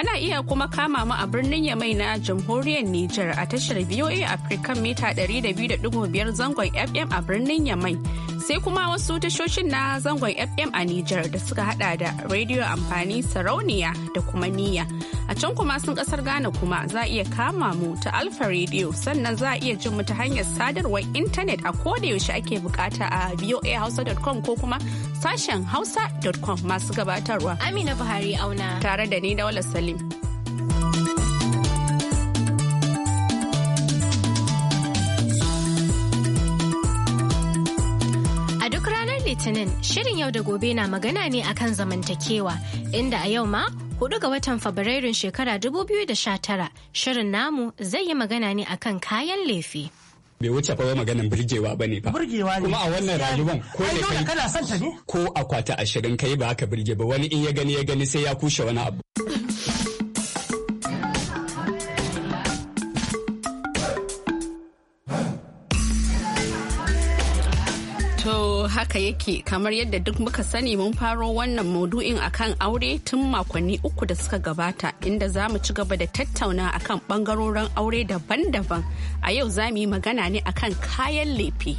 Ana iya kuma kama mu a birnin Yamai na Jamhuriyar Nijar a tashar VOA Africa mita 200.5 zangon FM a birnin Yamai. sai kuma wasu tashoshin na zangon FM a Nijar da suka hada da rediyo amfani sarauniya da kuma niyya. A can kuma sun kasar Ghana kuma za iya kama mu ta Alfa Radio sannan za iya jin mu ta hanyar sadarwar intanet a yaushe ake bukata a voahausa.com ko kuma sashen hausa.com masu gabatarwa. Amina Buhari auna. Tare da ni Daula Salim. Litinin shirin yau da gobe na magana ne akan zamantakewa inda a yau ma hudu ga watan Fabrairun shekara 2019 shirin namu zai yi magana ne akan kayan laifi. bai wuce fa maganin burgewa bane ba burgewa ne kuma a wannan rayuwan ko da kai kana son ta ne ko akwata ashirin kai ba ka burge ba wani in ya gani ya gani sai ya kushe wani abu haka yake kamar yadda duk muka sani mun faro wannan maudu'in akan aure tun makonni uku da suka gabata inda za mu ci gaba da tattauna akan bangarorin aure daban-daban a yau za mu yi magana ne akan kayan lefe.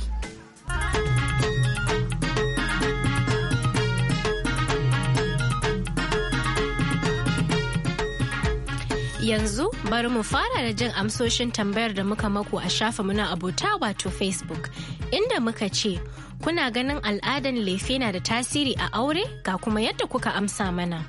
Yanzu bari mu fara da jin amsoshin tambayar da muka mako a shafinmu na abota wato Facebook inda muka ce kuna ganin al'adan lefe na da tasiri a aure ga kuma yadda kuka amsa mana.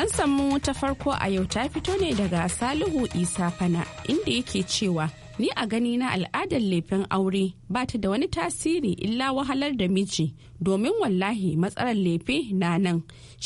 An samu ta farko a yau ta fito ne daga Salihu Isa Fana inda yake cewa ni a gani na al'adar lefen aure ba ta da wani tasiri illa wahalar da miji domin wallahi matsalar lefe na nan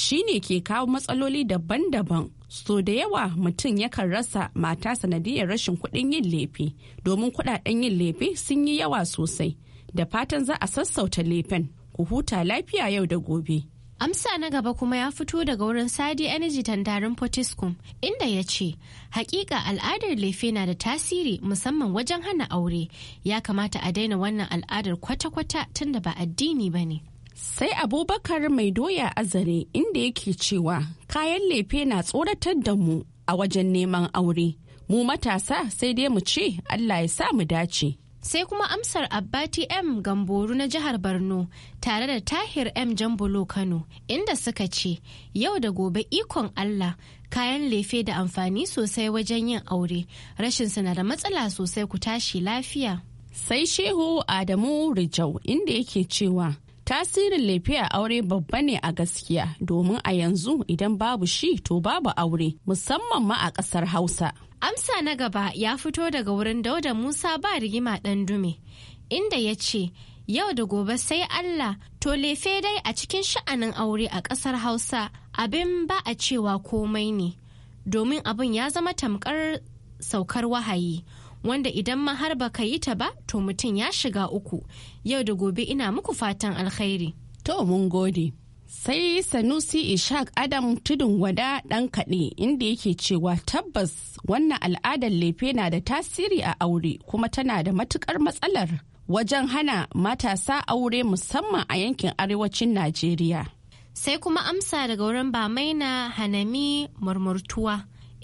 shine ke kawo matsaloli daban-daban so da yawa mutum yakan rasa mata sanadiyar rashin kuɗin yin lefe domin kuɗaɗen yin lefe sun yi yawa sosai da fatan za a sassauta lefen ku huta lafiya yau da gobe Amsa na gaba kuma ya fito daga wurin Sadi Energy Tandarin Potiskum inda ya ce, "Hakika al'adar lefe na da tasiri musamman wajen hana aure, ya kamata a daina wannan al'adar kwata-kwata tunda ba addini ba ne." sai abubakar mai doya azare inda yake cewa kayan lefe na tsoratar da mu a wajen neman aure mu matasa sai dai mu ce allah ya sa mu dace sai kuma amsar abbati m gamboru na jihar borno tare da tahir m jambolo kano inda suka ce yau da gobe ikon allah kayan lefe da amfani sosai wajen yin aure rashinsa na da matsala sosai ku tashi lafiya sai shehu adamu rijau inda yake cewa tasirin lefe a aure babba ne a gaskiya domin a yanzu idan babu shi to babu aure musamman ma a ƙasar hausa amsa na gaba ya fito daga wurin dauda musa ba rigima ɗan dume inda ya ce yau da gobe sai allah to lefe dai a cikin sha'anin aure a ƙasar hausa abin ba a cewa komai ne domin abin ya zama tamkar saukar wahayi wanda idan ma har baka yi ta ba to mutum ya shiga uku yau da gobe ina muku fatan alkhairi. To mun gode. Sai Sanusi Ishaq Adam tudun wada ɗan kaɗe inda yake cewa tabbas wannan al'adar lefe na da tasiri a aure kuma tana da matukar matsalar wajen hana matasa aure musamman a yankin arewacin Najeriya. Sai kuma amsa daga wurin Bamaina Hanami Murmurtuwa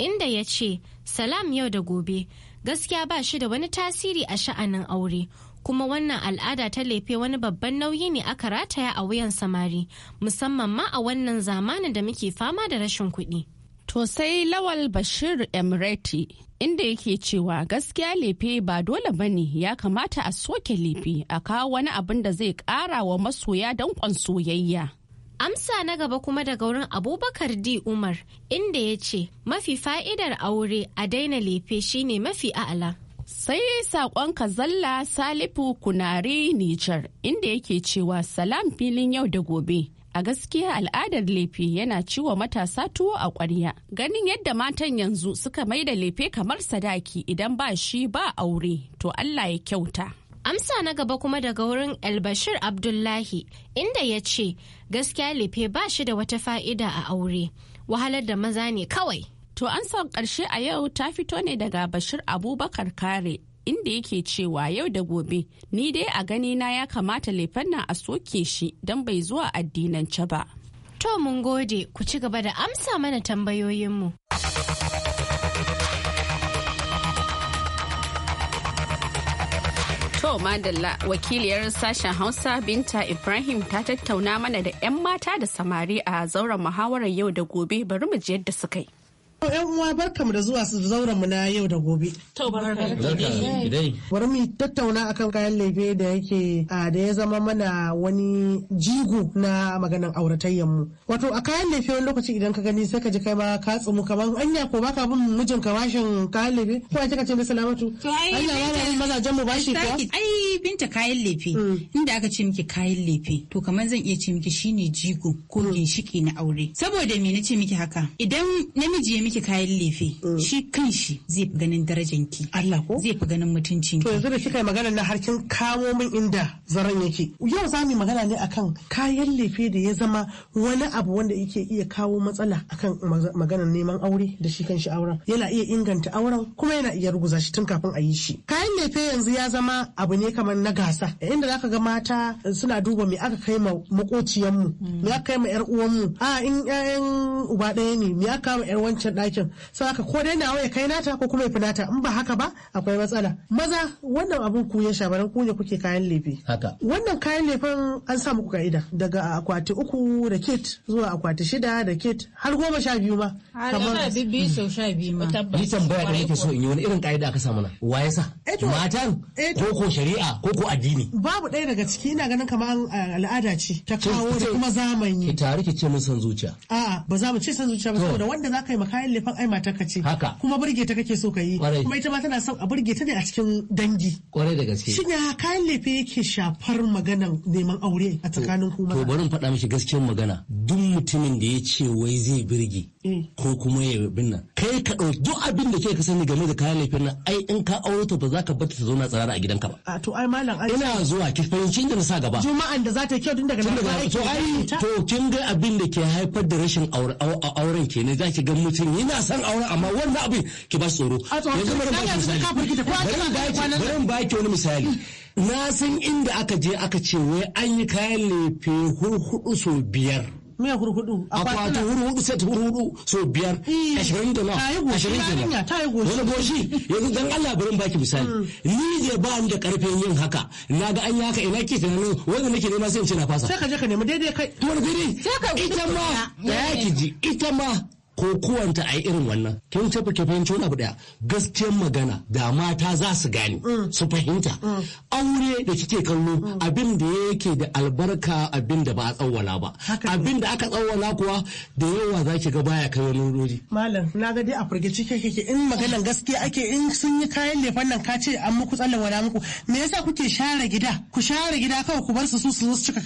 inda ya ce, Salam yau da gobe, gaskiya ba shi da wani tasiri a sha'anin aure kuma wannan al'ada ta lefe wani babban nauyi ne aka rataya a wuyan samari musamman ma a wannan zamanin da muke fama da rashin kuɗi. To sai lawal Bashir Emirati inda yake cewa gaskiya lefe ba dole bane ya kamata a soke lefe a kawo wani abin da zai ƙara wa masoya danƙon soyayya. Amsa na gaba kuma daga wurin Abubakar D. Umar inda ya ce mafi fa'idar aure a daina lefe shine mafi a'ala. Sai saƙon Kazalla Salifu Kunare Nijar inda yake cewa salam filin yau da gobe. A gaskiya al'adar lefe yana ciwo matasa tuwo a ƙwarya. Ganin yadda matan yanzu suka maida lefe kamar sadaki idan ba shi ba aure to Allah ya kyauta. Amsa na gaba kuma daga wurin albashir Abdullahi inda ya ce gaskiya lefe ba shi da wata fa'ida a aure, wahalar da maza ne kawai. To an san ƙarshe a yau ta fito ne daga Bashir Abubakar Kare inda yake cewa yau da gobe ni dai a gani na ya kamata lefen nan a soke shi don bai zuwa addinance ba. To mun gode ku ci gaba da amsa mana tambayoyinmu. To Madalla wakiliyar sashen Hausa Binta Ibrahim ta tattauna mana da 'yan mata da samari a zauren muhawarar yau da gobe bari mu ji yadda suka yi. 'yan uwa barkamu da zuwa su zauren mu na yau da gobe. Bari mu tattauna akan kayan lefe da yake da ya zama mana wani jigo na maganan auratayyan mu. Wato a kayan lefe wani lokaci idan ka gani sai ka ji kai ma ka tsumu kamar anya ko baka bin mijin ka bashin kayan lefe ko ai kika ce mai salamatu. ai ba ma yi mazajen mu bashi ko. Ai binta kayan lefe mm. inda aka ce miki kayan lefe to kamar zan iya ce miki shine jigo ko mm. ginshiki na aure. Saboda me nace miki haka idan namiji ya miki kayan lefe mm. shi kan shi zai fi ganin darajan ki Allah ko zai fi ganin mutuncin ki to yanzu da kika yi magana na har kin kamo min inda zaran yake yau za mu magana ne akan kayan lefe da ya zama wani abu wanda yake iya kawo matsala akan maganar neman aure da shi kan shi auren yana iya inganta auren kuma yana iya ruguza shi tun kafin a yi shi kayan lefe yanzu ya zama abu ne kamar na gasa inda zaka ga mata suna duba me aka kai ma mu me aka kai ma yar mu a in ƴaƴan uba ɗaya ne me aka kai ma yar wancan ɗakin sai haka ko dai nawa ya kai nata ko kuma ya fi nata in ba haka ba akwai matsala maza wannan abun ku ya shabaran ku ne kuke kayan lefe haka wannan kayan lefen an sa ku ka'ida daga akwati uku da kit zuwa akwati shida da kit har goma sha biyu ma kamar biyu sau sha biyu ma ni tambaya da nake so in yi wani irin ka'ida aka samu na. wa yasa eh matan eh ko ko shari'a ko ko addini babu ɗaya daga ciki ina ganin kamar al'ada ce ta kawo da kuma zamani ki tare ki ce mun san zuciya a'a ba za mu ce san zuciya ba saboda wanda za ka yi makayan allifan ai ka ce haka kuma burge ta kake so ka yi kuma ita ma tana son a burge ta ne a cikin dangi kwarai da gaske shin ya kayan lefe yake shafar maganan neman aure a tsakanin kuma to bari in faɗa mishi gaskiyar magana duk mutumin da ya ce wai zai birge eh. ko kuma ya binna kai ka ɗauki duk abin da ke ka sani game da kayan laifin nan ai in ka auro ta ba za ka bar ta zauna tsirara a gidanka ba a to ai malam ai ina zuwa ki fahimci inda na sa gaba juma'an da za ta kyau tun daga nan to ai to kin ga abin da ke haifar da rashin auren ne za ki ga mutum yana son auren amma wannan abin ki ba tsoro yanzu bari ba ki misali bari ba ki wani misali na san inda aka je aka ce wai an yi kayan lefe hudu sau biyar me hurhudu akwati hurhudu set hurhudu so biyar eh, ashirin da nawa ashirin da nawa wani goshi yanzu dan Allah bari in baki misali hmm. ni da ba ni da karfin yin haka na ga an yi haka ina ke tunanin wanda nake nema sai in ce na fasa sai ka je ka nema daidai kai to daidai ita ma ya ki ji ita ma ko kowanta a yi irin wannan kin tafi ke fahimci wani abu daya gaskiyar magana da mata za su gane mm. su fahimta mm. aure da kike kallo mm. abin da yake da albarka abin da ba a tsawwala ba abin da aka tsawwala kuwa da yawa za ki ga baya kai wani wuri malam na ga dai a furgici kake in maganan gaskiya ake in sun yi kayan lefan nan ka ce an muku tsallawala muku me yasa kuke share gida ku share gida kawai ku bar su su su cika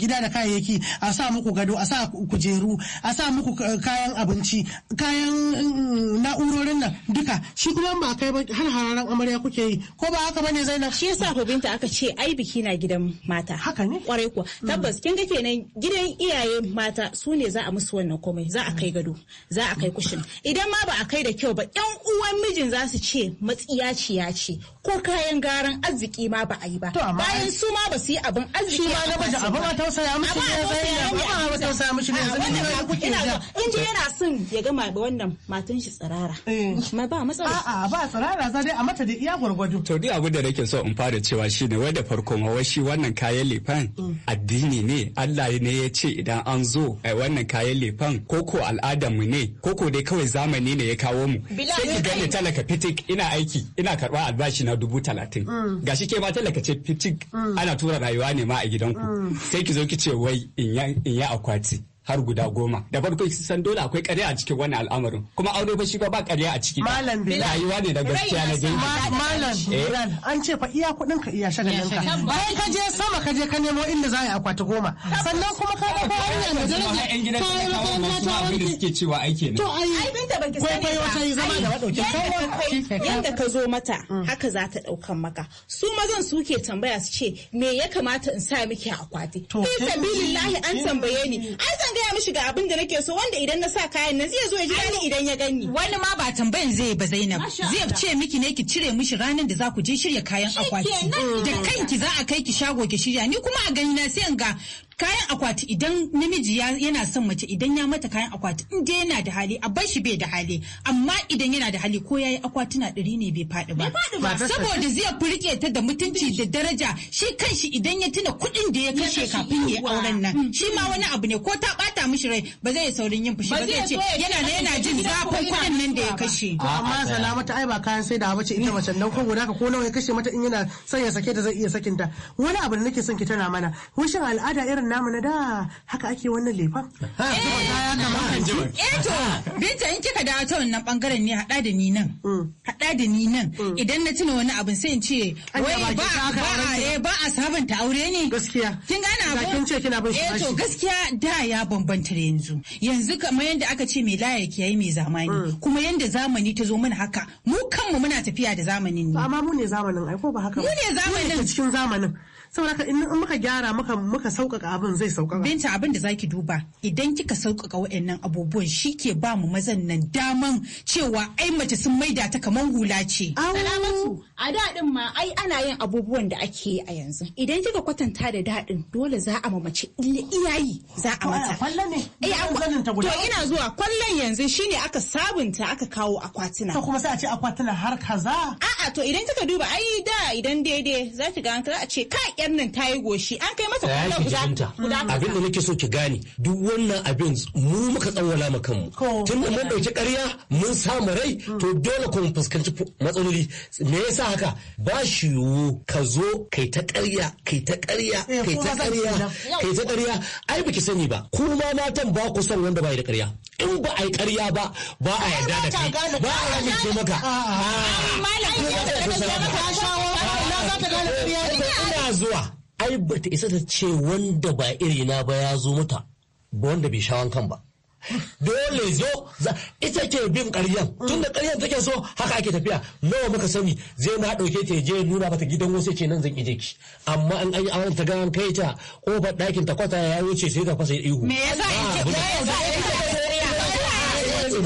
gida da kayayyaki a sa muku gado a sa kujeru a sa muku kayan abinci abinci kayan mm, na'urorin nan duka shi kuma ba kai ba har hararen amarya kuke yi ko ba haka bane zainab shi yasa ko binta aka ce ai biki na gidan mata haka ne kwarai kuwa mm. tabbas kin ga kenan gidan iyaye mata su ne za a musu wannan komai za a kai gado za a kai kushin idan ma ba a kai da kyau ba yan uwan mijin za su ce ya ce ko kayan garan arziki ma ba a yi ba bayan su ma ba su yi abin arziki ba na baje abin a tausaya mishi ne zai a tausaya mishi ne zai ne kuke ga in ji yana son ya gama da wannan matan shi tsirara eh. ma ba matsala a'a ba tsirara za dai a mata da iya gwargwado to dai abin da nake so in fara cewa shine wanda farko ma shi wannan kayan lefan mm. addini ne Allah ne ya ce idan an zo eh, wannan kayan lefan koko al'adar mu ne koko dai kawai zamani ne ya kawo mu sai ki gani talaka fitik ina aiki ina karɓar albashi na dubu talatin mm. shi ke ma talaka ce fitik mm. ana tura rayuwa ne ma a gidanku mm. sai ki zo ki ce wai in ya akwati har guda goma da farko san dole akwai ƙarya a cikin wani al'amarin kuma aure fa shi ba ƙarya a ciki malam rayuwa ne da gaskiya na gani malam eh? Bilal an ce fa iya kuɗin ka iya shagalin ka bayan ka je sama ka je ka nemo inda za a yi akwati goma sannan kuma ka ɗauko hanya da jirage to yi makaranta ta wani da suke cewa aiki ne to ai binta baki sani ba zama da wadauke kawo yanda ka zo mata haka za ta ɗaukan maka su mazan su ke tambaya su ce me ya kamata in sa miki akwati to sabilillahi an tambaye ni ai gaya mishi ga abin da nake so wanda idan na sa kayan nan zai zo ya ji dani idan ya gani wani ma ba tambayan zai ba Zainab zai ce miki ne ki cire mishi ranar da za ku je shirya kayan akwati da kanki za a kai ki shago ki shirya ni kuma a gani na sai ga kayan akwati idan namiji yana son mace idan ya mata kayan akwati in dai yana da hali a bar bai da hali amma idan yana da hali ko yayi akwatuna ɗari ne bai faɗi ba saboda zai furke ta da mutunci da daraja shi kanshi idan ya tuna kuɗin da ya kashe kafin ya auren nan mm. shi ma wani abu ne ko ta bata mishi rai ba zai saurin yin fushi ba zai ce yana na yana jin zafin kuɗin nan da ya kashe amma salamata ai ba kayan sai da bace ita mace nan ko guda ka ko nawa ya kashe mata in yana son ya sake ta zai iya sakinta wani abu da nake son ki tana mana wushin al'ada irin namu na da haka ake wannan lefa. Eh, eh to, Binta in kika dawo ta wannan bangaren ne hada da ni nan. Mm. hada da ni nan. Mm. Idan na tuna wani abin sai in ce wai ba a eh, sabanta aure ne. Gaskiya. Kin gane abu. Kin ce kina bin shi. Eh to gaskiya da ya bambanta da yanzu. Yanzu kamar yanda aka ce mai layaki yayi mai zamani. Mm. Kuma yanda zamani ta zo mana haka mu kanmu muna tafiya da zamanin ne. Amma mu ne zamanin ai ko ba haka ba. Mu ne zamanin. Mu ne cikin zamanin. saboda in muka gyara muka muka sauƙaƙa abin zai sauƙaƙa binta abin da zaki duba idan kika sauƙaƙa waɗannan abubuwan shike ba mu mazan nan daman cewa ai mace sun maida ta kaman hula ce salamatu a daɗin ma ai ana yin abubuwan da ake yi a yanzu idan kika kwatanta da daɗin dole za a mace iyayi za a mata eh, to ina zuwa kwallon yanzu shine aka sabunta aka kawo akwatuna to kuma sai a ce akwatuna har kaza a'a to idan kika duba ai da idan daidai za ki ga an a ce kai Yan nan ta yi goshi an kai mata kwallo guda abin da nake so ki gane duk wannan abin mu muka tsawwala ma kanmu tun da mun dauki ƙarya mun samu rai hmm. to dole ku fuskanci matsaloli me yasa haka ba shi yiwu ka zo kai ta ƙarya kai ta ƙarya eh, kai ta ƙarya kai ta ƙarya ai baki sani ba kuma matan ba ku son wanda ba da ƙarya in ba a yi ƙarya ba ba a yarda da kai ba a yi maka. Ah. Ah. Malam ya ta shawo ina zuwa ai bata isa ta ce wanda ba irina ba ya zo mata ba wanda bai shawan kan ba dole zo ita ke bin karyan tun da karyan take so haka ake tafiya nawa muka sani zai na ɗauke ta je nuna mata gidan wasu ce nan zan ije ki amma an an yi ta ga kai ta kofar ɗakin ta kwata ya wuce sai ta fasa ihu me yasa ah, ita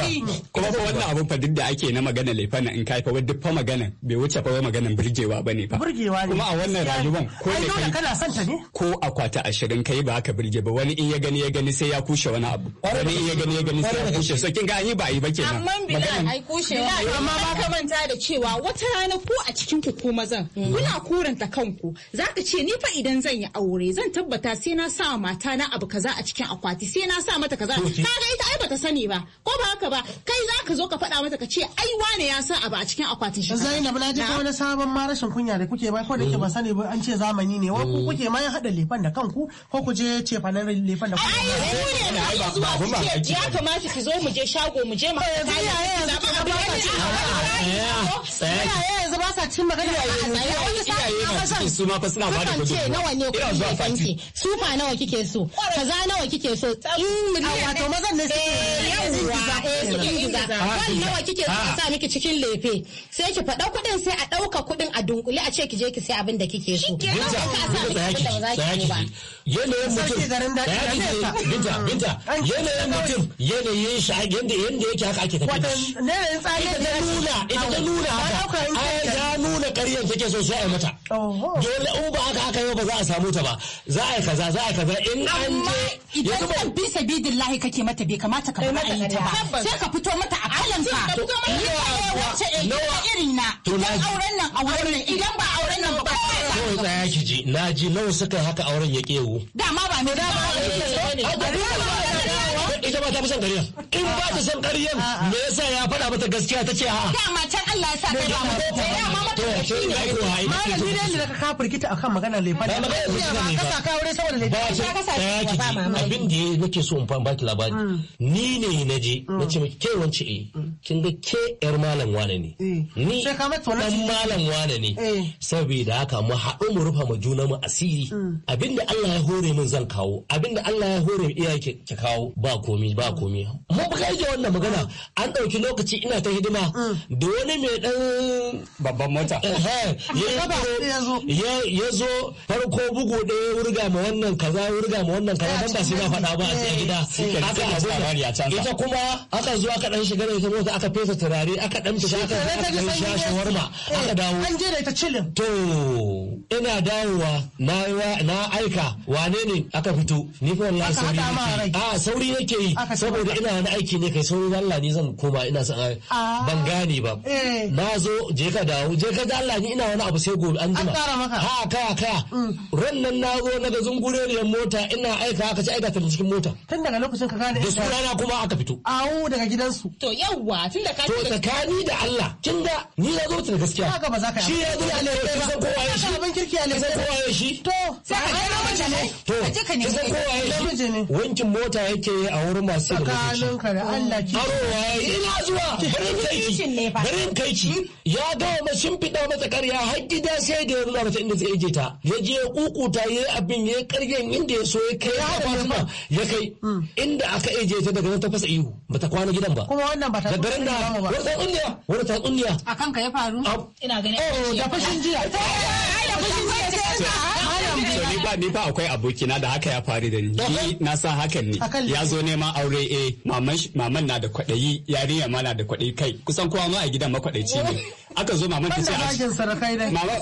ba kuma fa wannan abun fa duk da ake na magana laifana in kai fa duk fa magana bai wuce fa magana burgewa bane fa burgewa ne kuma a wannan rayuwar ko da kai kana son ta ne ko kwata 20 kai ba ka burge ba wani in ya gani ya gani sai ya kushe wani abu wani in ya gani ya gani sai ya kushe so kin ga an yi ba yi ba kenan amma bila ai kushewa amma ba ka manta da cewa wata rana ko a cikin ku ko mazan mm. kuna kuranta kanku zaka ce ni fa idan zan yi aure zan tabbata sai na sa mata na abu kaza a cikin akwati sai na sa mata kaza kaga ita ai bata sani ba ko ba haka ba kai za ka zo ka faɗa mata ka ce ai wane ya sa abu a cikin akwatin shi Zainab na ji wani sabon ma rashin kunya da kuke ba ko da ke ba sani ba an ce zamani ne wa ku mm. kuke ma ya hada lefan da kanku ko ku je ce fanan lefan da kanku ai ku ne ba. ai zuwa ku ce ya kamata ki zo mu je shago mu je ma ka ta ya yanzu ba ba ba yanzu ba sa cin magana a tsaye wani su ma fa suna ba da nawa ne ku da kanki sufa nawa kike so kaza nawa kike so in miliyan wato mazan ne suke eh, yawa kuɗin giza bal nawa kike a ah. sa miki cikin lefe sai ki faɗa kuɗin sai a ɗauka kuɗin a dunkule a ce ki je ki sai abin da kike so binta yanayin mutum binta binta yanayin mutum yanayin shi yanda yanda yake haka ake tafi ita ta nuna ita ta nuna haka ai ya nuna ƙaryar take so sai a mata dole in ba haka haka yau ba za a samu ta ba za a yi kaza za a yi kaza in an je idan bisa bidillahi kake mata bai kamata ka bar a yi ta ba sai ka fito mata a kalan ka ni wacce e nawa irin na idan auren nan auren nan idan ba auren nan ba ko tsaya ki ji na ji nawa suka haka auren ya kewu dama ba me dama ba ne ita ba ta fi son ƙarya in ba ta son ƙaryan me yasa ya faɗa mata gaskiya ta ce a dama can Allah ya sa kai ba mata dama mata to ya ko hai malami ne da ka ka kafirkita akan magana lefa da ba ka ka aure saboda Ba ka kasa ki abin da nake so in fa baki labari mm. ni ne na je mm. na ce miki ke wance eh mm. kin ga ke yar malam wane ne eh. ni sai ka mata wannan malam wane ne eh. saboda haka mu haɗu mu rufa mu juna mu asiri Abin da Allah ya hore min zan kawo Abin da Allah ya hore min iyaye ki kawo ba komai komi ba mm. komi mun buga ije wannan magana mm. an ɗauki lokaci ina ta hidima mm. da wani mai dan babban mota ya zo farko bugu ya wurga ma wannan kaza wurga ma wannan kaza ban ba sai na faɗa ba a tsaye eh, gida eh. aka abu ita kuma aka zo aka ɗan shiga da ita mota aka fesa turare aka dan fita aka ɗan shi. shawarma eh, aka dawo an je da ita cilin to ina dawowa na aika wane ne aka fito ni fa wallahi sauri a ah, sauri yake yi saboda ina wani aiki ne kai sauri Allah ne zan koma ina san ah. ban gane ba eh. na zo je ka dawo je ka da Allah ni ina wani abu sai gobe an jima ha kaya kaya mm. ran nan na zo na ga zungureriyar mota ina aika aka ci aika ta cikin mota tun daga lokacin ka gane da sunana kuma aka fito awo daga gidansu to yawa tun da ka to tsakani da Allah kin ga ni na zo tun gaskiya haka ba za ka shi ya zo ne ba san kowa ya shi ban kirki ne san kowa ya shi to sai ka ga mace ne to ka ji ka ne kowa ya shi wankin mota yake a wurin masu da motoci da Allah ki arowa ina zuwa barin kaiki barin kaiki hmm? ya gama ma shimfiɗa masa ƙarya har gida sai da ya nuna masa inda zai je ta ya je ya kukuta ya abin ya ƙaryan inda ya so ya kai ya haɗa fatima ya kai hmm. inda aka eje ta daga nan ta fasa ihu ba ta kwana gidan ba kuma wannan bata da garin da wani ta tsunniya wani ta tsunniya akan ka ya faru ina ganin oh, da fashin jiya ai da fashin jiya sai ba ni ba akwai abokina da haka ya faru da ni na san hakan ne ya zo nema aure eh maman na da kwaɗayi yarinya ma na da kwaɗayi kai kusan kowa ma a gidan makwaɗaici ne aka zo maman ta ce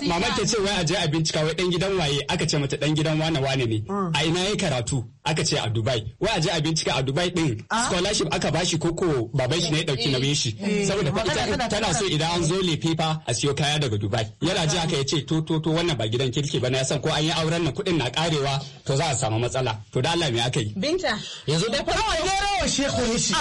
maman ta ce wai a je a bincika wai dan gidan waye aka ce mata dan gidan wane wane ne mm. a ina yayi karatu aka ce a Dubai wai a je a bincika a Dubai din ah. scholarship aka bashi koko baban shi ne dauki eh. nauyin shi eh. saboda fa ita tana so idan an zo lefe fa a siyo kaya daga Dubai yana ji haka yace to to to wannan ba gidan kirki bane san ko an yi auren nan kudin na karewa to za a samu matsala to da Allah me aka yi binta yanzu dai fara rawai gero rawai shehu ne shi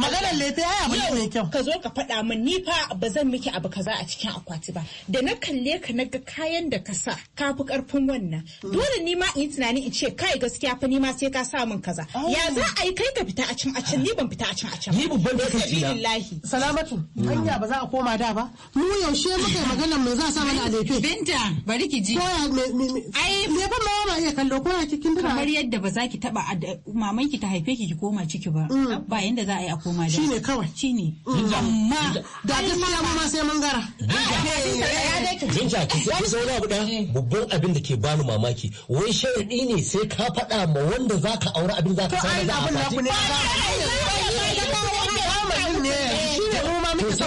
magana le ta maganar mun mai kyau ka zo ka faɗa min ni fa ba zan miki abu kaza a cikin akwati ba da na kalle ka naga kayan da ka sa kafi karfin wannan hmm. dole ni ma in tunani in ce kai gaskiya fa ni ma sai ka sa min kaza oh. ya za a yi kai ka fita a cin a cin ni ban fita a cin a cin ni babban da kashi lillahi salamatu mm. hanya ba za a koma da ba mu yaushe muka yi magana mu za a sa mana a binta bari ki ji ai me fa ma ma iya kallo ko ya cikin dira kamar yadda ba za ki taba maman ki ta haife ki ki koma ciki ba mm. ba yanda za a yi a koma da shine kawai shine mm. amma da ta mu ma sai mun gara binta ki sai wani abu eh. babban abin da ke bani mamaki wai sharadi ne sai ka faɗa ma wanda za ka aura abin za ka samu za a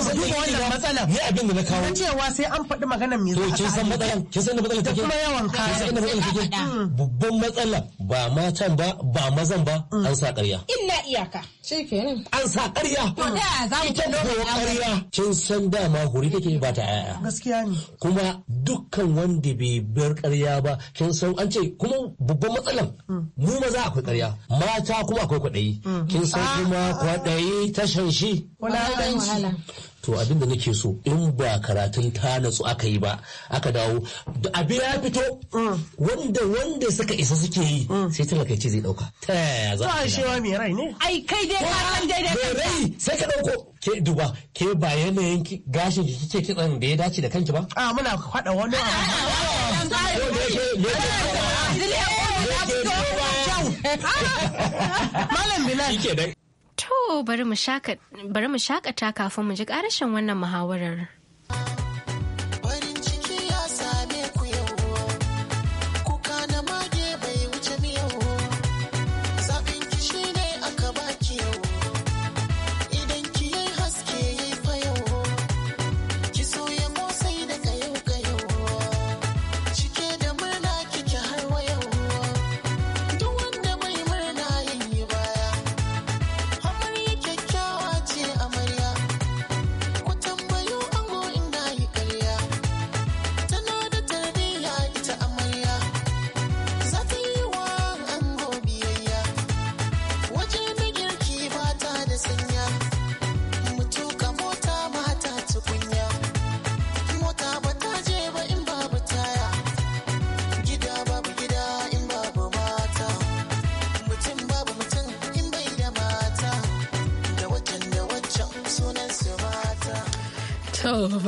saboda duba wannan matsalar ni abin da na kawo na cewa sai an faɗi maganar me zaka a kin san matsalar kin san da matsalar take kuma yawan kaya kin san da matsalar take mm. babban matsala ba matan ba ba mazan ba mm. an sa ƙarya illa iyaka shikenan an sa ƙarya to da za mu ta ko ƙarya kin san dama guri take ba ta aya. gaskiya ne kuma dukkan wanda bai bar ƙarya ba kin san an ce kuma babban matsalan mm. mu maza akwai ƙarya mata kuma akwai kwaɗayi kin san ah. kuma kwaɗayi tashan shi Wala wala to abin da nake so in ba karatun ta natsu aka yi ba aka dawo da abin ya fito wanda wanda suka isa suke yi sai talaka ce zai dauka ta yaya za ka shewa mai rai ne ai kai dai ka san dai. dai rai sai ka dauko ke duba ke ba yanayin gashin ki kike kitsan da ya dace da kanki ba a muna faɗa wani abu Malam Bilal. To bari mu shakata kafin mu ji ƙarashin wannan muhawarar.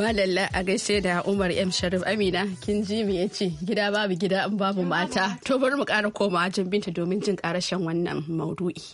malalla a gaishe da umar m sharif amina kin ji mu ya gida babu gida in babu mata to bari mu kara koma ajin binta domin jin karashen wannan maudu'i.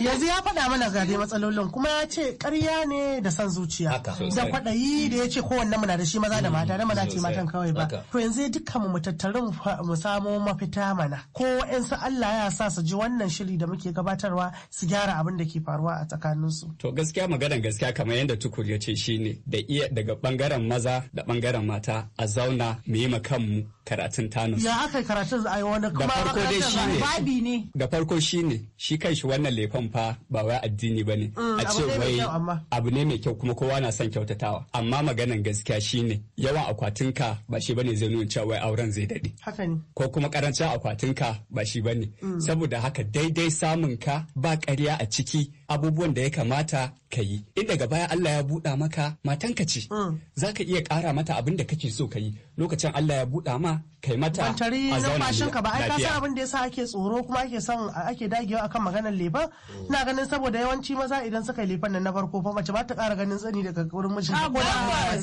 yanzu ya faɗa mana ga dai matsalolin kuma ya ce ƙarya ne da san zuciya da kwaɗayi da ya ce kowanne muna da shi maza da mata da maza ce matan kawai ba to yanzu dukkan mu tattaru mu samo mafita mana ko wa'ansu Allah ya sa su ji wannan shiri da muke gabatarwa su gyara abin da ke faruwa a tsakaninsu. to gaskiya maganar gaskiya kamar yadda tukur ya ce shine da iya daga bangaren maza da bangaren mata a zauna mu yi kanmu karatun tanus. ya aka karatun a wani kuma da farko dai shine da farko shine shi kai shi wannan telefon fa ba wai addini ba mm, ne. A ce wai abu ne mai kyau kuma kowa na son kyautatawa. Amma maganan gaskiya shine yawan akwatinka ba shi bane zai nuna cewa wai auren zai daɗe. Ko kuma karancin akwatinka ba shi bane. Mm. Saboda haka daidai samun ka ba ƙarya a ciki abubuwan da ya kamata ka yi in daga baya Allah ya buɗa maka matanka ce mm. za ka iya ƙara mata abin da kake so ka yi lokacin Allah ya buɗa ma kai mata a da yasa ake tsoro kuma ake son ake dagewa akan maganar leban mm. ina ganin saboda yawanci maza idan suka yi leban nan na farko fa mace ba ta ƙara ganin tsani daga wurin mijin ko da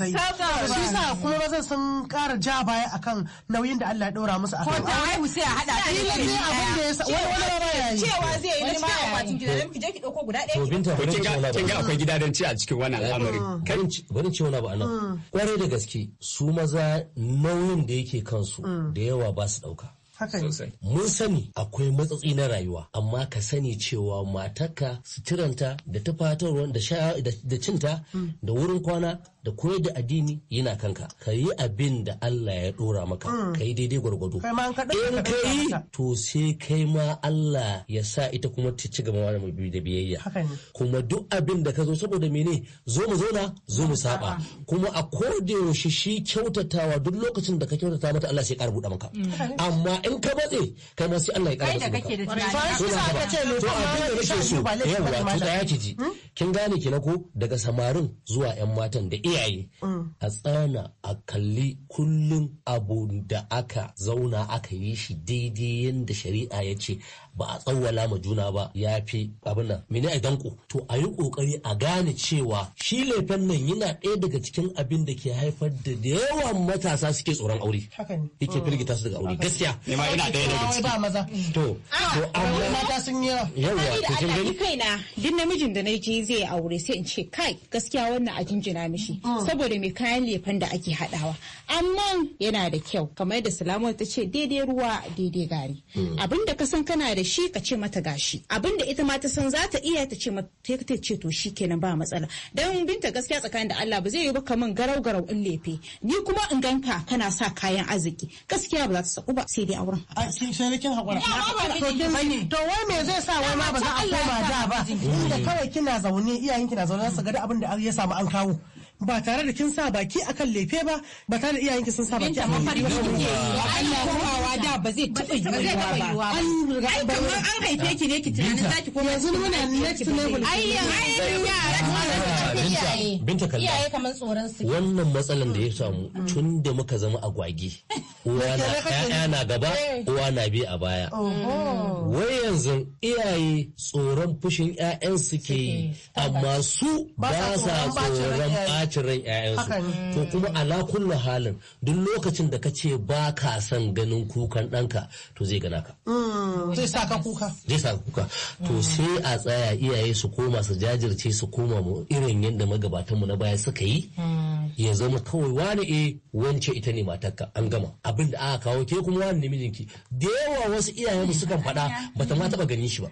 shi sa kuma maza sun ƙara ja baya akan nauyin da Allah ya ɗora musu akan ko da wai sai a hada ta ne abin da yasa wani wani ba ya yi cewa zai yi ma akwatin gidan ki je ki guda ɗaya ki ga akwai ci a cikin wannan ah. al'amari ah. bari ce wani abu anan ah. kwarai da gaske su maza nauyin da yake kansu da yawa ba su dauka Mun sani akwai matsatsi na rayuwa, amma ka sani cewa matarka, suturanta, da tufatarwa, da cinta, mm. da wurin kwana da koyar da addini yana kanka ka yi abin da Allah ya dora maka mm. ka yi daidai gwargwado in ka yi to sai kai ma Allah ya sa ita kuma ta ci gaba da da biyayya kuma duk abin da ka zo saboda mene zo mu zauna zo mu saba kuma a koda yaushe shi kyautatawa duk lokacin da ka kyautata mata Allah sai ya karbu maka mm. amma in ka matse kai ma sai Allah ya karbu maka kai da kake da tunani to kin gane ki na ko daga samarin zuwa yan matan da iyaye mm. a tsana a kalli kullum abun da aka zauna aka yi shi daidai yadda shari'a ya ce ba a tsawwala ma juna ba ya fi abin mene a danko to a yi kokari a gane cewa shi laifin nan yana ɗaya daga cikin abin da ke haifar da da yawan matasa suke tsoron aure yake mm. firgita su daga aure gaskiya ne ma ina ɗaya daga ciki ba maza to ah, to amma mata sun yi yawa to kin gani kaina duk namijin da naje zai aure sai in ce kai gaskiya wannan a jinjina mishi mm. Mm. saboda me kayan laifin da ake hadawa amma yana da kyau kamar yadda salamu ta ce daidai ruwa daidai gari abinda ka san kana da shi ka ce mata gashi abinda ita ma ta san za ta iya ta ce mata ta ce to shi kenan ba matsala dan binta gaskiya tsakanin da Allah ba zai yi ba kaman garau garau in lefe ni kuma in ganka kana sa kayan arziki gaskiya ba za ta saku ba sai dai auren a kin sai kin hakura to wai me zai sa wai ma ba za a koma da ba inda kawai kina zaune iyayen kina zaune su ga abin da ya samu an kawo ba tare da kin sa baki akan lefe ba ba tare da iyayen ki sun sa baki akan lefe ba da ba zai taɓa yiwuwa ba. Ba Ai kamar an haife ki ne ki tunanin zaki ki koma. Yanzu muna next level. Ai ya Binta kalla. Iyaye kamar tsoron su. Wannan matsalan da ya samu mm. tun da muka zama agwagi. Uwa na ƴaƴa na gaba eh. uwa na bi a baya. Wai yanzu iyaye tsoron fushin ƴaƴan su ke yi amma su ba sa tsoron bacin ran su To kuma ala kullu halin duk lokacin da ka ce ba ka san ganin ku kukan ɗanka to zai gana ka. Mm. Zai sa ka kuka. Zai sa kuka. To sai a tsaya iyaye su koma su jajirce su koma mu irin yadda magabatanmu na baya suka yi. Mm. ya zama kawai wani e eh, wance ita ne matarka an gama abinda aka kawo ke kuma wani mijinki da yawa wasu iyayen su sukan faɗa bata ma taɓa ganin shi ba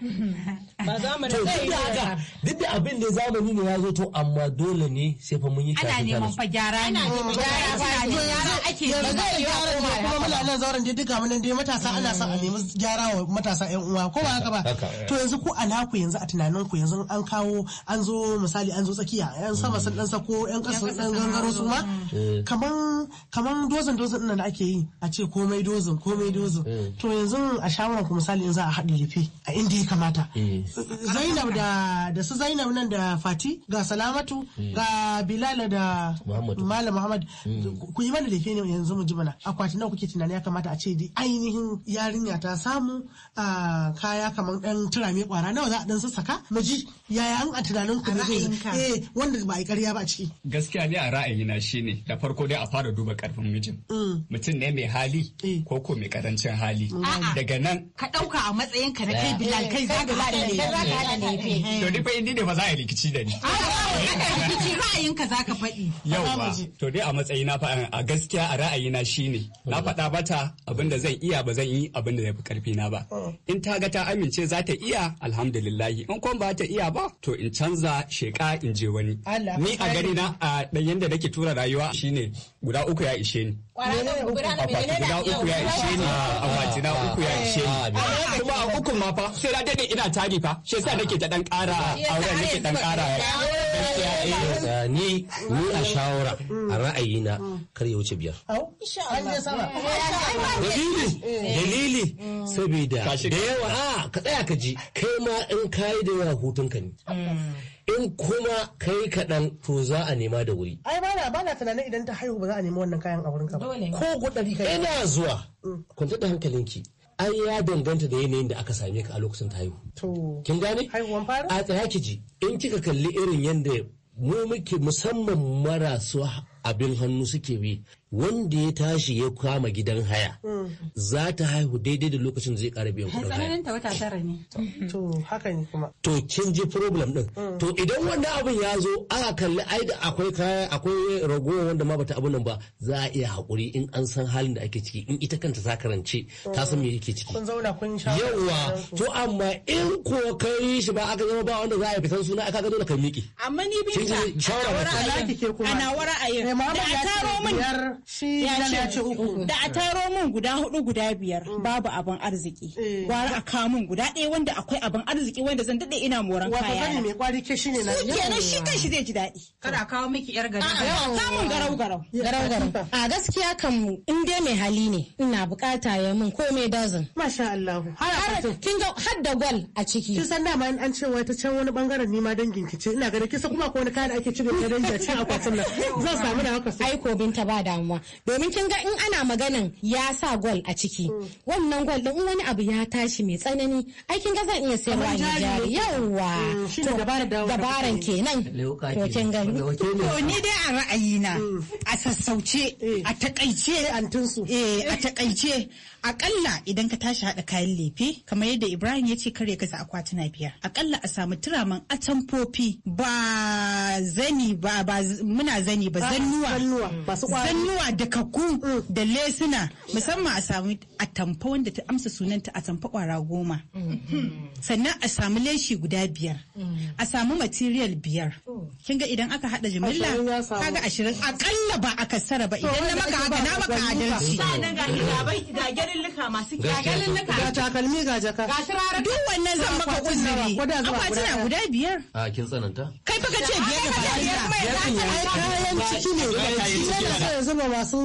to duk da haka duk da abin da zamani ne ya zo to amma dole ne sai fa mun yi ana neman fa gyara ne gyara ake yi ba gyara ne kuma muna nan zauren dai duka mun dai matasa ana sa a mm. nemi gyara wa matasa yan uwa ko ba haka ba to yanzu ku ana ku yanzu a tunanin ku yanzu an kawo an zo misali an zo tsakiya yan sama sun dan sako yan kasa sun gangaro sauran su ma kaman kaman dozin dozin nan da ake yi a ce komai dozin komai dozin eh. to yanzu a shawaran ku misali in za a haɗa lefe a inda ya kamata eh. Zainab da da su Zainab nan da Fati ga Salamatu eh. ga Bilal da Malam Muhammad hmm. ku yi mana lefe ne yanzu mu ji mana akwati nawa kuke tunani ya kamata a ce dai ainihin yarinya ta samu kaya kaman ɗan turame kwara nawa za a dan sassaka mu ji yaya an a tunanin ku ne eh wanda ba a yi ƙarya ba ciki gaskiya ne a ra'ayi na shine da farko dai a fara duba karfin mijin. Mm. Mutum ne mai hali mm. ko ko mai karancin hali. Daga nan. Ka ɗauka a matsayin ka na eh. kai Bilal kai za ka hada ne. za ka ne. Eh. Eh. To ni fa indi ne ba za a rikici da ni. Rikici ka za ka faɗi. Yauwa. To dai a na fa a gaskiya a ra'ayina shine mm. na faɗa bata abinda da zan iya ba zan yi abinda da ya fi karfi na ba. Oh. In ta ga ta amince za ta iya alhamdulillahi in kuma ba ta iya ba to in canza sheka in je wani. Ni a gari na a ɗan nake ake tura rayuwa shine guda uku ya ishe ni. Guda uku ya ishe ni, akwati na uku ya ishe ni. Kuma a uku ma fa sai na dade ina tari fa, shi yasa nake ta dan ƙara auren nake dan ƙara. Eh. Ni ni a shawara mm. a ra'ayina mm. kar ya wuce biyar. Dalili eh. dalili mm. saboda da yawa a ka tsaya ka ji kai ma in kayi da yawa hutunka ne. in kuma kai kaɗan to za a nema da wuri. Ai bana bana tunanin idan ta haihu ba za a nema wannan kayan a wurin ka ba. Ko gudari kai. Ina zuwa. Mm. Kun da hankalinki. Ai ya danganta da yanayin da aka same ka a lokacin ta haihu. To. Kin gane? Haihuwan fara? A tsaya ki ji. In kika kalli irin yadda mu muke musamman marasu abin hannu suke yi wanda ya tashi ya kama gidan haya za ta haihu daidai da lokacin zai kara biyan kuɗin haya. ta wata tara ne. To haka ne kuma. To kin ji problem din. Mm. To idan wannan abin ya zo aka kalli ai da akwai kaya akwai ragowa wanda ma bata abun nan ba za a iya haƙuri in an san halin da ake ciki in ita kanta ta karance ta san me yake ciki. Kun zauna kun sha. Yawwa to amma in ko kai shi ba aka zama ba wanda za a fitan suna aka gado da kai miƙe. Amma ni bin ta. Shawara ta. Ana wara ayin. Muhammad ya ce biyar shi ya ce uku. Da a taro min guda hudu guda biyar mm. babu abin arziki. Eh. Gwara a kamun guda ɗaya wanda akwai abin arziki wanda zan daɗe ina moran kaya. Wata zani mai kwari ke shi ne na yau. Kenan shi kan shi zai ji daɗi. Kada kawo miki yar gari. A'a kamun garau garau. Garau garau. A gaskiya kan mu in dai mai hali ne ina bukata ya min komai dozin. Masha Allah. Har kin ga har da gwal a ciki. Kin san dama an ce wai ta can wani bangaren nima dangin ki ce ina ganin kisa kuma ko wani kayan ake cire ta dangin a cikin akwatin nan. Zan samu aiko binta ba damuwa domin kin ga in ana maganan ya sa gol a ciki mm. wannan gol din wani abu ya tashi mai tsanani ai kin ga zan iya sayar wa jari yawa mm, to dabaran kenan to kin ga to ni dai a ra'ayina mm. a sassauce eh. a takaice eh, a takaice akalla idan ka tashi haɗa kayan lefe kamar yadda ibrahim ya ce kare kasa akwatuna biyar akalla a samu turaman atamfofi ba zani ba ba muna zani ba zannuwa zannuwa da kaku mm. da lesuna musamman a samu atamfa wanda ta amsa sunanta atamfa kwara goma mm-hmm. sannan a samu leshi guda biyar mm. a samu material biyar oh. kinga idan aka haɗa jimilla kaga ashirin akalla ba a kasara ba idan na maka haka na maka adalci galillika masu kya ga takalmi ga jaka ga duk wannan zan maka uzuri akwatina guda biyar a kin tsananta kai biyar da fara biyar kayan ciki ne yana so ya zuba masu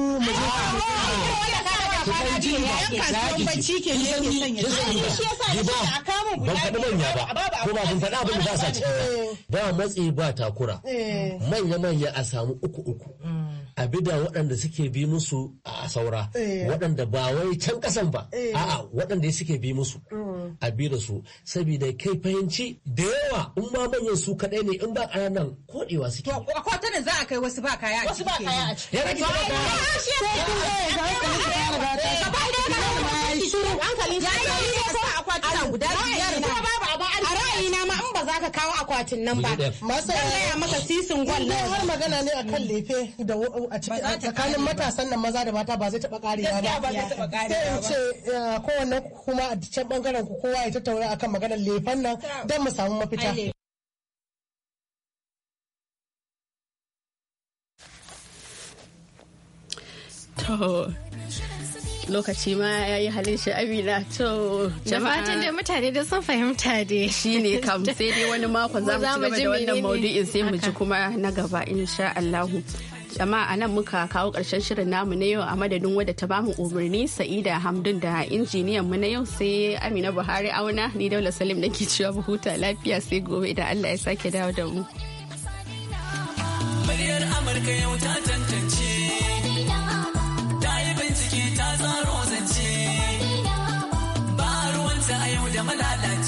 kwana biyu ya yan kasuwan bacci ke ne yake sanya shi yasa ba a kama guda ba manya ba ko ba kun faɗa abin da ba sa ciki ba eh. matsi ba takura eh. manya manya a samu uku uku mm. a bida waɗanda suke bi musu a saura eh. waɗanda ba wai can ƙasan ba a'a waɗanda suke bi musu mm. a bi da su saboda kai fahimci da yawa in ma manyan su kaɗai ne in ba ƙananan koɗewa suke ko ta za a kai wasu ba kaya a ciki wasu ba kaya a ciki ya rage ba kaya turare gaba ɗaya ga kuma shiru yi guda biyar ma in ba za ka kawo akwatin nan ba masa ya gaya maka sisin gwal na har magana ne akan lefe da a cikin tsakanin matasan nan maza da mata ba zai ba sai in ce kowanne kuma a bangaren ku kowa ya tattauna akan maganar lefen nan don mu samu mafita To, lokaci ma ya yi halin shi amina to jama'a fatan da mutane da sun fahimta dai shine kam sai dai wani makon za mu ci gaba da wannan maudu'in sai mu ji kuma na gaba insha Allahu jama'a nan muka kawo karshen shirin namu na yau a madadin wadda ta bamu umarni sa'ida hamdun da injiniyan mu na yau sai amina buhari auna ni daula salim nake cewa mu huta lafiya sai gobe idan allah ya sake dawo da mu muryar amurka yau ta tantance malalaci